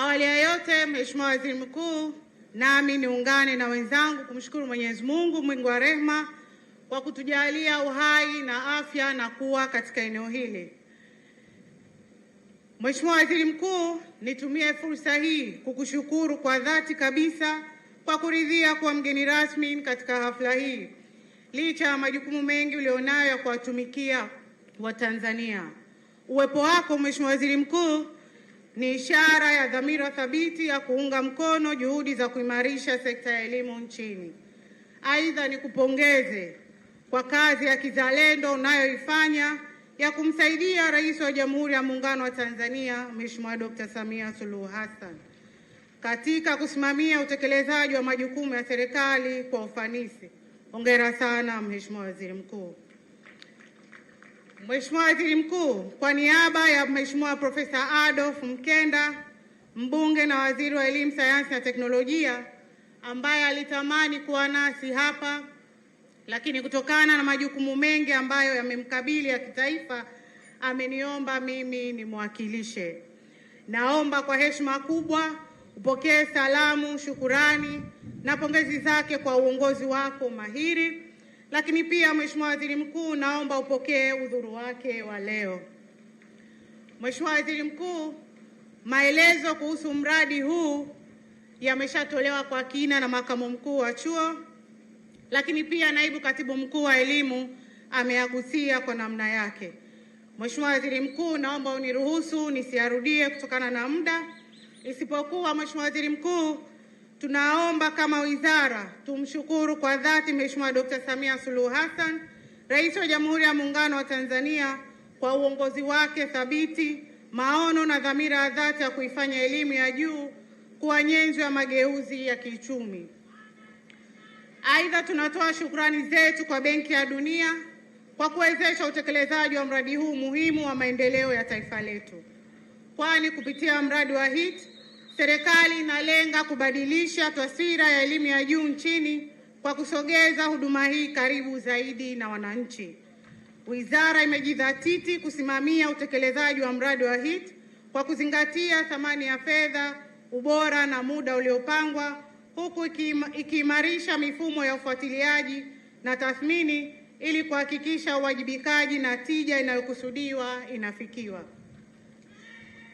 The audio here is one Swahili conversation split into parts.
Awali ya yote, Mheshimiwa Waziri Mkuu, nami niungane na wenzangu kumshukuru Mwenyezi Mungu mwingi wa rehema kwa kutujalia uhai na afya na kuwa katika eneo hili. Mheshimiwa Waziri Mkuu, nitumie fursa hii kukushukuru kwa dhati kabisa kwa kuridhia kuwa mgeni rasmi katika hafla hii licha ya majukumu mengi ulionayo ya kuwatumikia Watanzania. Uwepo wako Mheshimiwa Waziri Mkuu ni ishara ya dhamira thabiti ya kuunga mkono juhudi za kuimarisha sekta ya elimu nchini. Aidha, nikupongeze kwa kazi ya kizalendo unayoifanya ya kumsaidia Rais wa Jamhuri ya Muungano wa Tanzania Mheshimiwa Dr. Samia Suluhu Hassan katika kusimamia utekelezaji wa majukumu ya serikali kwa ufanisi. Hongera sana Mheshimiwa Waziri Mkuu. Mheshimiwa Waziri Mkuu, kwa niaba ya Mheshimiwa Profesa Adolf Mkenda, mbunge na waziri wa elimu, sayansi na teknolojia, ambaye alitamani kuwa nasi hapa, lakini kutokana na majukumu mengi ambayo yamemkabili ya kitaifa, ameniomba mimi nimwakilishe. Naomba kwa heshima kubwa upokee salamu, shukurani na pongezi zake kwa uongozi wako mahiri lakini pia Mheshimiwa Waziri Mkuu, naomba upokee udhuru wake wa leo. Mheshimiwa Waziri Mkuu, maelezo kuhusu mradi huu yameshatolewa kwa kina na makamu mkuu wa chuo, lakini pia naibu katibu mkuu wa elimu ameyagusia kwa namna yake. Mheshimiwa Waziri Mkuu, naomba uniruhusu nisiyarudie kutokana na muda, isipokuwa Mheshimiwa Waziri Mkuu Tunaomba kama wizara tumshukuru kwa dhati Mheshimiwa Dkt. Samia Suluhu Hassan, Rais wa Jamhuri ya Muungano wa Tanzania kwa uongozi wake thabiti, maono na dhamira ya dhati ya kuifanya elimu ya juu kuwa nyenzo ya mageuzi ya kiuchumi. Aidha, tunatoa shukrani zetu kwa Benki ya Dunia kwa kuwezesha utekelezaji wa mradi huu muhimu wa maendeleo ya taifa letu, kwani kupitia mradi wa HIT serikali inalenga kubadilisha taswira ya elimu ya juu nchini kwa kusogeza huduma hii karibu zaidi na wananchi. Wizara imejidhatiti kusimamia utekelezaji wa mradi wa hit kwa kuzingatia thamani ya fedha, ubora na muda uliopangwa, huku ikiimarisha mifumo ya ufuatiliaji na tathmini ili kuhakikisha uwajibikaji na tija inayokusudiwa inafikiwa.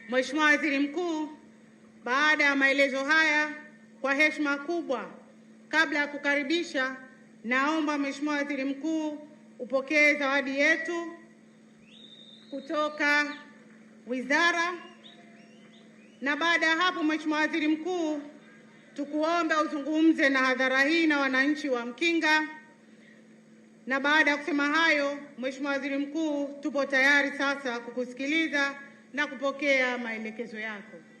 Mheshimiwa Waziri Mkuu, baada ya maelezo haya, kwa heshima kubwa, kabla ya kukaribisha, naomba Mheshimiwa Waziri Mkuu upokee zawadi yetu kutoka wizara, na baada ya hapo, Mheshimiwa Waziri Mkuu, tukuombe uzungumze na hadhara hii na wananchi wa Mkinga. Na baada ya kusema hayo, Mheshimiwa Waziri Mkuu, tupo tayari sasa kukusikiliza na kupokea maelekezo yako.